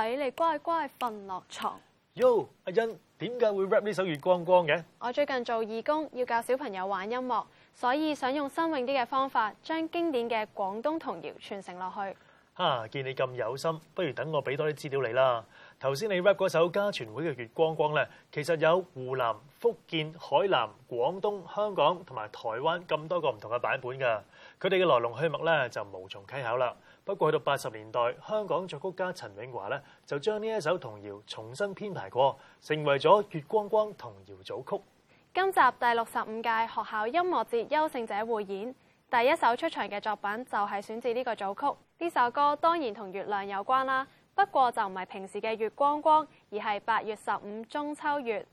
仔，你乖乖瞓落床。Yo，阿欣，點解會 rap 呢首《月光光》嘅？我最近做義工，要教小朋友玩音樂，所以想用新穎啲嘅方法，將經典嘅廣東童謠傳承落去。嚇、啊！見你咁有心，不如等我俾多啲資料才你啦。頭先你 rap 嗰首家傳會嘅《月光光》咧，其實有湖南、福建、海南、廣東、香港同埋台灣咁多個唔同嘅版本㗎。佢哋嘅來龍去脈咧，就無從稽考啦。不過去到八十年代，香港作曲家陳永華呢就將呢一首童謠重新編排過，成為咗《月光光》童謠組曲。今集第六十五屆學校音樂節優勝者匯演，第一首出場嘅作品就係選自呢個組曲。呢首歌當然同月亮有關啦，不過就唔係平時嘅《月光光》，而係八月十五中秋月。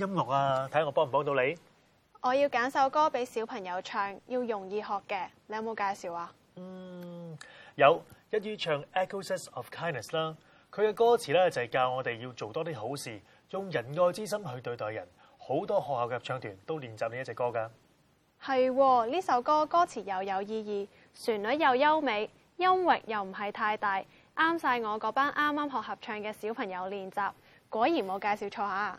音樂啊，睇我幫唔幫到你？我要揀首歌俾小朋友唱，要容易學嘅。你有冇介紹啊？嗯，有，一於唱《Echoes of Kindness》啦。佢嘅歌詞咧就係教我哋要做多啲好事，用仁愛之心去對待人。好多學校嘅合唱團都練習呢一隻歌噶。係喎，呢首歌歌詞又有意義，旋律又優美，音域又唔係太大，啱晒我嗰班啱啱學合唱嘅小朋友練習。果然冇介紹錯吓！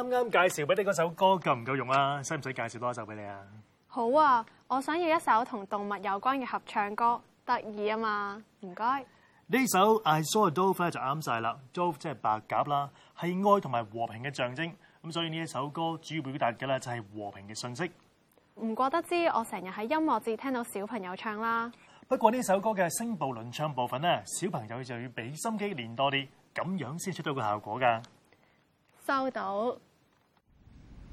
啱啱介紹俾你嗰首歌夠唔夠用啊？使唔使介紹多一首俾你啊？好啊，我想要一首同動物有關嘅合唱歌，得意啊嘛，唔該。呢首 I Saw a Dove 就啱晒啦，Dove 即係白鴿啦，係愛同埋和平嘅象徵。咁所以呢一首歌主要表達嘅咧就係和平嘅信息。唔怪得知我成日喺音樂節聽到小朋友唱啦。不過呢首歌嘅聲部輪唱部分咧，小朋友就要俾心機練多啲，咁樣先出到個效果噶。收到。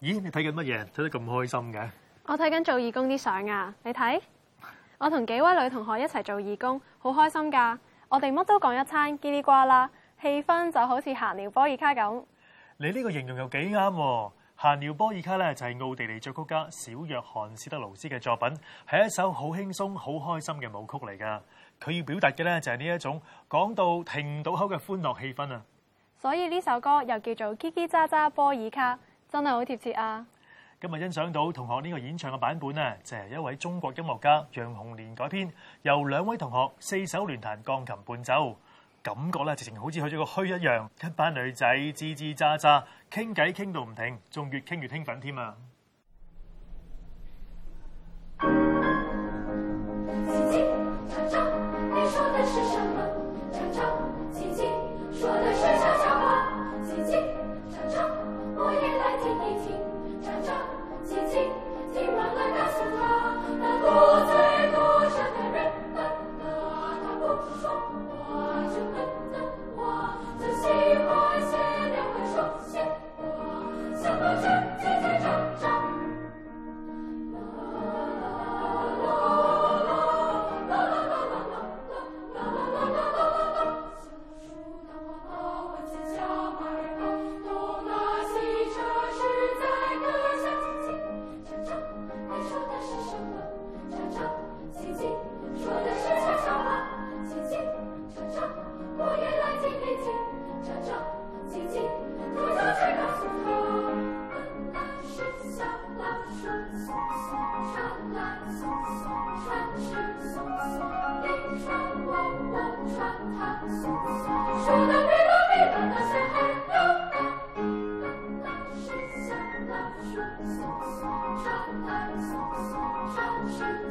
咦，你睇緊乜嘢？睇得咁開心嘅。我睇緊做義工啲相啊。你睇我同幾位女同學一齊做義工，好開心噶。我哋乜都講一餐嘰哩呱啦，氣氛就好似閒聊波爾卡咁。你呢個形容又幾啱。閒聊波爾卡咧就係奧地利作曲家小約翰斯德勞斯嘅作品，係一首好輕鬆、好開心嘅舞曲嚟噶。佢要表達嘅咧就係呢一種講到停唔到口嘅歡樂氣氛啊。所以呢首歌又叫做嘰嘰喳喳波爾卡。真係好貼切啊！今日欣賞到同學呢個演唱嘅版本啊，就係一位中國音樂家楊鴻年改編，由兩位同學四手聯彈鋼琴伴奏，感覺咧直情好似去咗個墟一樣，一班女仔吱吱喳喳傾偈傾到唔停，仲越傾越興奮添啊！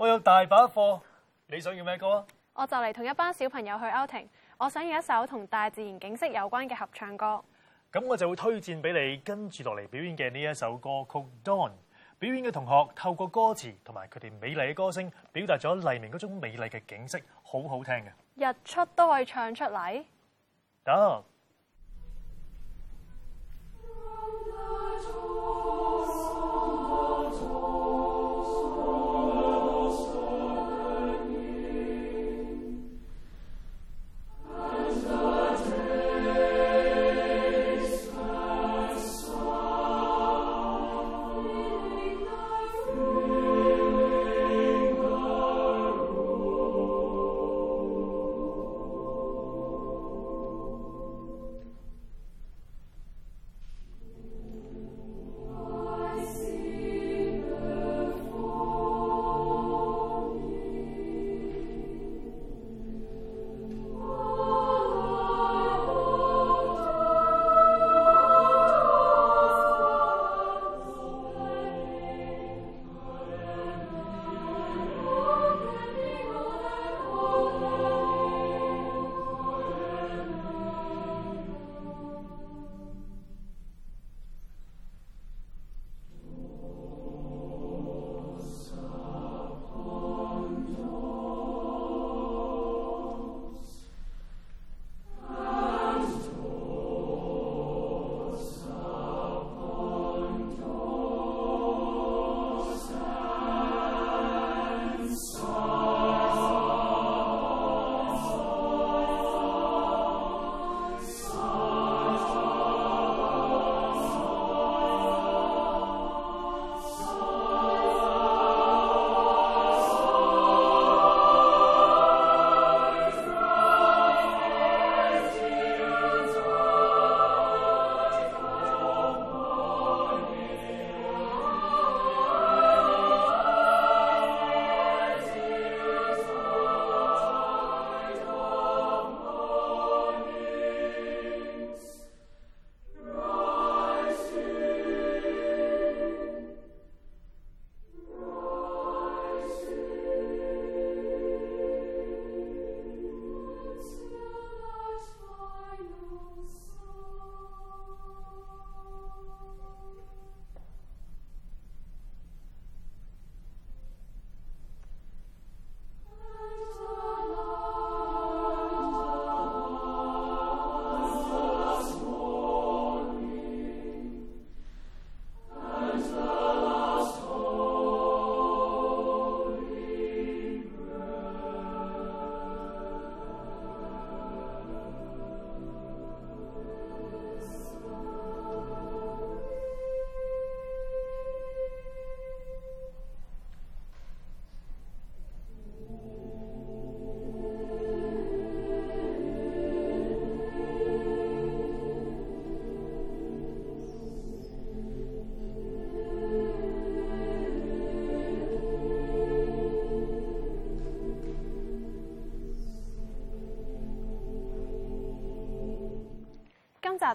我有大把課，你想要咩歌啊？我就嚟同一班小朋友去 outing，我想要一首同大自然景色有關嘅合唱歌。咁我就會推薦俾你跟住落嚟表演嘅呢一首歌曲《Dawn》。表演嘅同學透過歌詞同埋佢哋美麗嘅歌聲，表達咗黎明嗰種美麗嘅景色，好好聽嘅。日出都可以唱出嚟。得。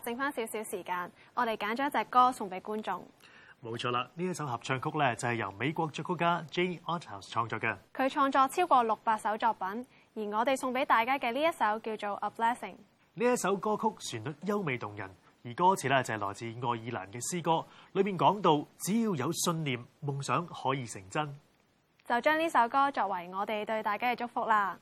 剩翻少少時間，我哋揀咗一隻歌送俾觀眾。冇錯啦，呢一首合唱曲咧就係由美國作曲家 Jay Althouse 創作嘅。佢創作超過六百首作品，而我哋送俾大家嘅呢一首叫做《A Blessing》。呢一首歌曲旋律優美動人，而歌詞咧就係來自愛爾蘭嘅詩歌，裏面講到只要有信念，夢想可以成真。就將呢首歌作為我哋對大家嘅祝福啦。